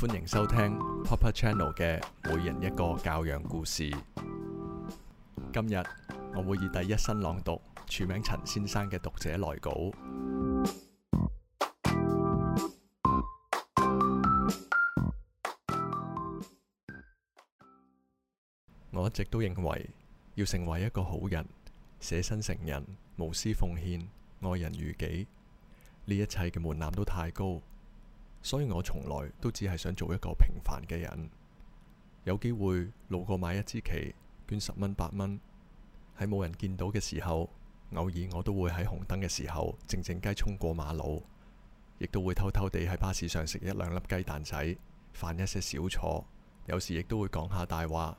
歡迎收聽 Papa Channel 嘅每人一個教養故事。今日我會以第一身朗讀署名陳先生嘅讀者來稿。我一直都認為要成為一個好人，捨身成仁，無私奉獻、愛人如己，呢一切嘅門檻都太高。所以我從來都只係想做一個平凡嘅人，有機會路過買一支旗，捐十蚊八蚊，喺冇人見到嘅時候，偶爾我都會喺紅燈嘅時候靜靜雞衝過馬路，亦都會偷偷地喺巴士上食一兩粒雞蛋仔，犯一些小錯，有時亦都會講下大話，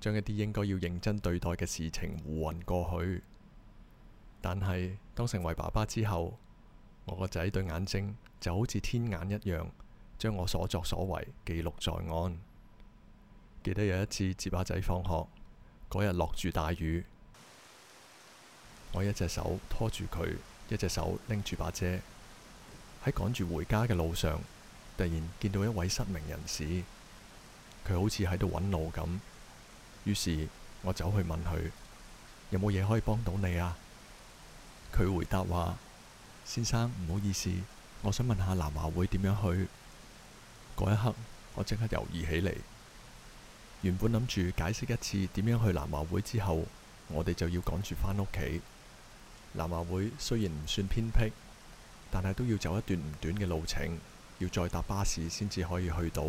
將一啲應該要認真對待嘅事情糊混過去。但係當成為爸爸之後，我個仔對眼睛，就好似天眼一樣，將我所作所為記錄在案。記得有一次接阿仔放學，嗰日落住大雨，我一隻手拖住佢，一隻手拎住把遮。喺趕住回家嘅路上，突然見到一位失明人士，佢好似喺度揾路咁。於是我走去問佢：有冇嘢可以幫到你啊？佢回答話：先生，唔好意思。我想問下南華會點樣去？嗰一刻，我即刻猶豫起嚟。原本諗住解釋一次點樣去南華會之後，我哋就要趕住返屋企。南華會雖然唔算偏僻，但係都要走一段唔短嘅路程，要再搭巴士先至可以去到。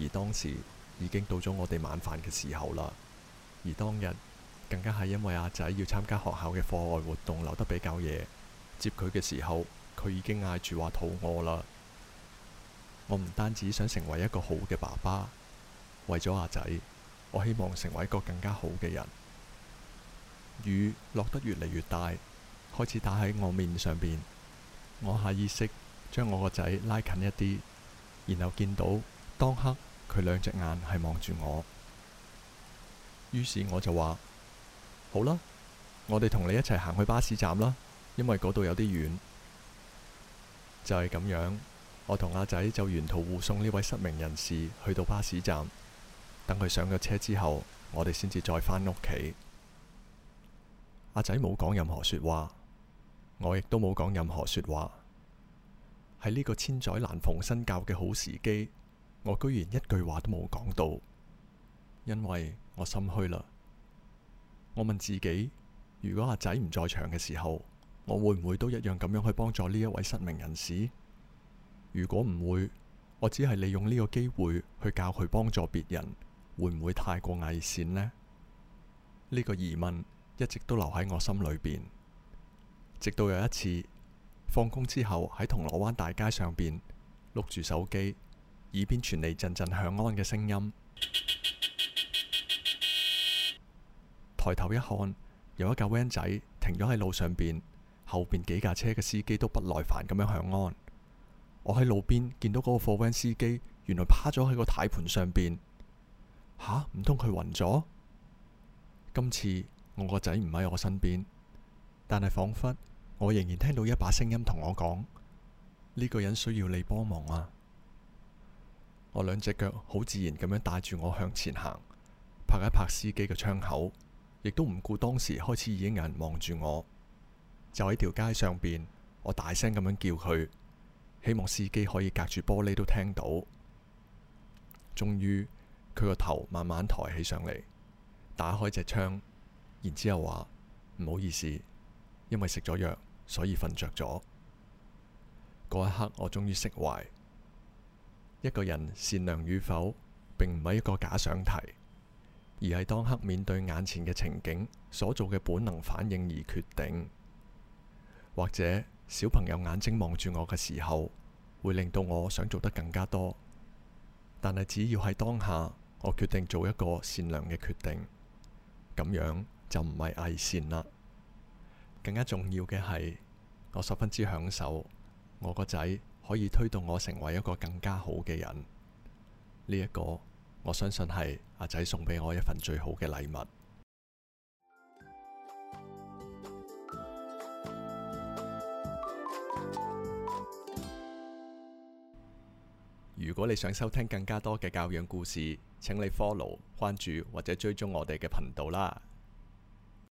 而當時已經到咗我哋晚飯嘅時候啦。而當日更加係因為阿仔要參加學校嘅課外活動，留得比較夜，接佢嘅時候，佢已經嗌住話肚餓啦。我唔單止想成為一個好嘅爸爸，為咗阿仔，我希望成為一個更加好嘅人。雨落得越嚟越大，開始打喺我面上邊。我下意識將我個仔拉近一啲，然後見到當刻佢兩隻眼係望住我，於是我就話，好啦，我哋同你一齊行去巴士站啦，因為嗰度有啲遠。就係咁樣，我同阿仔就沿途護送呢位失明人士去到巴士站，等佢上咗車之後，我哋先至再返屋企。阿仔冇講任何說話，我亦都冇講任何說話。喺呢個千載難逢新教嘅好時機，我居然一句話都冇講到，因為我心虛啦。我問自己，如果阿仔唔在場嘅時候。我會唔會都一樣咁樣去幫助呢一位失明人士？如果唔會，我只係利用呢個機會去教佢幫助別人，會唔會太過危險呢？呢個疑問一直都留喺我心裏邊，直到有一次放工之後喺銅鑼灣大街上邊碌住手機，耳邊傳嚟陣陣響安嘅聲音，音抬頭一看，有一架 van 仔停咗喺路上邊。後邊幾架車嘅司機都不耐煩咁樣響安，我喺路邊見到嗰個貨 van 司機原來趴咗喺個軚盤上邊，吓唔通佢暈咗？今次我個仔唔喺我身邊，但係仿佛我仍然聽到一把聲音同我講：呢個人需要你幫忙啊！我兩隻腳好自然咁樣帶住我向前行，拍一拍司機嘅窗口，亦都唔顧當時開始已經有人望住我。就喺條街上邊，我大聲咁樣叫佢，希望司機可以隔住玻璃都聽到。終於佢個頭慢慢抬起上嚟，打開隻窗，然之後話唔好意思，因為食咗藥，所以瞓着咗。嗰一刻我終於釋懷。一個人善良與否，並唔係一個假想題，而係當刻面對眼前嘅情景所做嘅本能反應而決定。或者小朋友眼睛望住我嘅時候，會令到我想做得更加多。但係只要喺當下，我決定做一個善良嘅決定，咁樣就唔係偽善啦。更加重要嘅係，我十分之享受我個仔可以推動我成為一個更加好嘅人。呢一個我相信係阿仔送俾我一份最好嘅禮物。如果你想收聽更加多嘅教養故事，請你 follow、關注或者追蹤我哋嘅頻道啦。